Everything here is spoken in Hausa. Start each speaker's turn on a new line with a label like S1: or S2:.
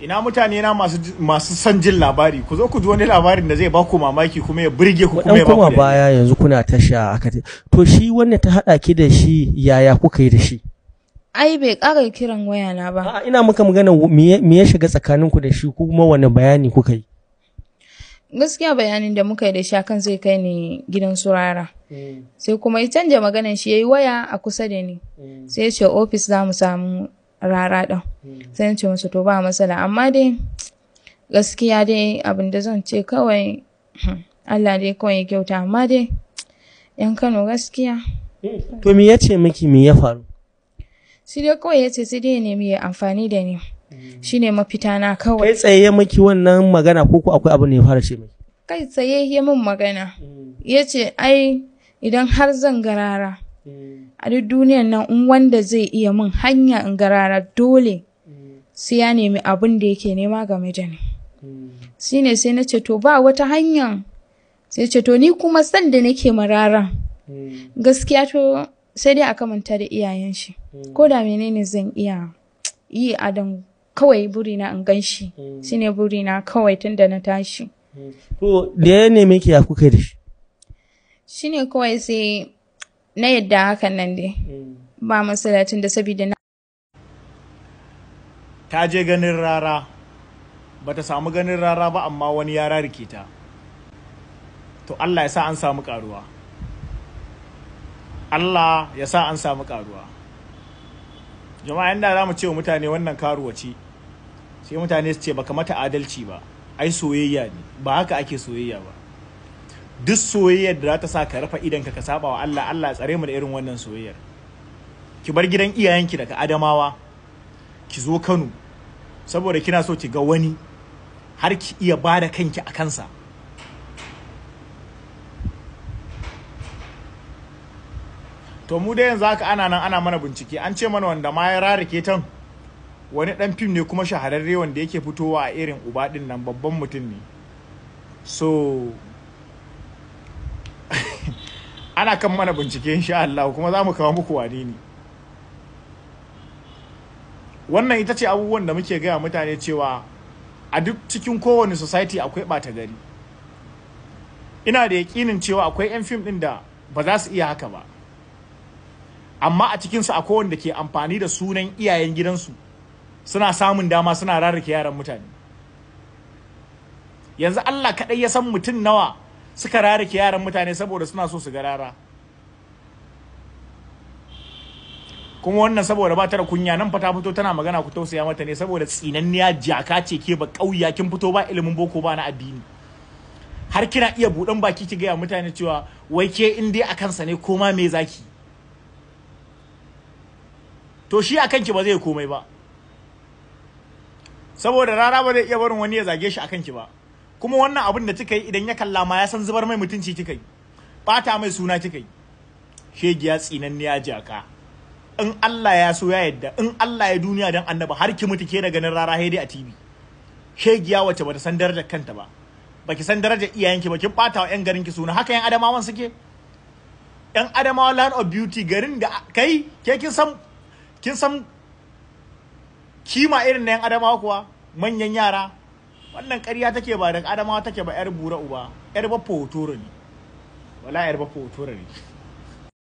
S1: ina mutane na masu masu son jin labari ku zo ku ji wani labarin da zai ba ku mamaki kuma ya
S2: burge ku kuma ya ba ku baya yanzu kuna tasha aka to shi wanda ta hada ki da shi yaya kuka yi da shi
S3: ai bai ƙara kiran waya na ba
S2: a ina muka magana me ya shiga tsakanin ku da shi kuma wani bayani kuka yi
S3: gaskiya bayanin da muka yi da shi akan zai kai ni gidan surara mm. sai kuma ya canja maganan shi yayi waya a kusa da ni mm. sai ya ce ofis za mu samu rara ɗin sai ce masa to ba matsala amma dai gaskiya dai abin da zan ce kawai hmm, Allah dai kawai kyauta amma dai yan Kano gaskiya
S2: to me yace miki me ya faru
S3: shi dai kawai yace sai dai ne me amfani da ni shine mafita na kawai kai tsaye
S2: miki wannan magana ko ko akwai abin da ya fara ce miki
S3: kai tsaye ya min magana yace ai idan har zan garara a duk duniyan nan in wanda zai iya min hanya in ga rana dole sai ya nemi abin da yake nema game da ni Shi ne sai na ce to ba wata hanya sai ce to ni kuma san da nake mararan gaskiya to sai dai aka manta da iyayen shi ko da menene zan iya yi adam kawai burina in gan shi shine burina kawai tun da na tashi
S2: to da ya nemi ki ya kuka da shi
S3: shine kawai sai na yadda hakan nan dai hmm. ba masalatin da sabida na
S1: ta je ganin rara ba ta samu ganin rara ba amma wani ya rarike ta to Allah ya sa an samu karuwa Allah ya sa an samu karuwa jama'a inda za mu ce wa mutane wannan karuwa ce sai mutane su ce baka mata adalci ba ai soyayya ne ba haka ake soyayya ba duk soyayyar da za ta sa ka rufa idanka ka saba wa Allah Allah tsare mu da irin wannan soyayyar ki bar gidan iyayenki daga Adamawa ki zo Kano saboda kina so ki ga wani har ki iya bada kanki a kansa to mu da yanzu haka ana nan ana mana bincike an ce mana wanda ma ya rarike tan wani dan fim ne kuma shahararre wanda yake fitowa a irin uba din nan babban mutum ne so ana kan mana bincike insha Allah kuma za mu kawo muku wane ne wannan ita ce abubuwan da muke gaya mutane cewa a duk cikin kowane society akwai ɓata gari ina da yaƙinin cewa akwai 'yan fim ɗin da ba za su iya haka ba amma a cikinsu akwai wanda ke amfani da sunan iyayen gidansu suna samun dama suna rarrake yaran mutane yanzu Allah kaɗai ya san mutum nawa suka rarike yaran mutane saboda suna so su ga rara kuma wannan saboda ba ta da kunya nan fa ta fito tana magana ku tausaya mata ne saboda tsinanniya jaka ce ke ba kauya kin fito ba ilimin boko ba na addini har kina iya buɗan baki ki gaya mutane cewa wai ke in dai akan sa ne koma me zaki to shi akan ki ba zai komai ba saboda rara ba zai iya barin wani ya zage shi akan ki ba kuma wannan abin da kika yi idan ya kalla ma ya san zubar mai mutunci kika yi bata mai suna kika yi shegiya ya jaka in Allah ya so ya yadda in Allah ya duniya dan annaba har ki mutu ke da ganin rara haidai a TV shegiya wacce bata san darajar kanta ba baki san darajar iyayenki ba kin bata wa yan garin ki suna haka yan adamawan suke yan adamawa land of beauty garin da kai ke kin san kin san kima irin na yan adamawa kuwa manyan yara wannan ƙarya take ba da adamawa take ba yar bura uba yar ba fotora ne wala yar ba fotora ne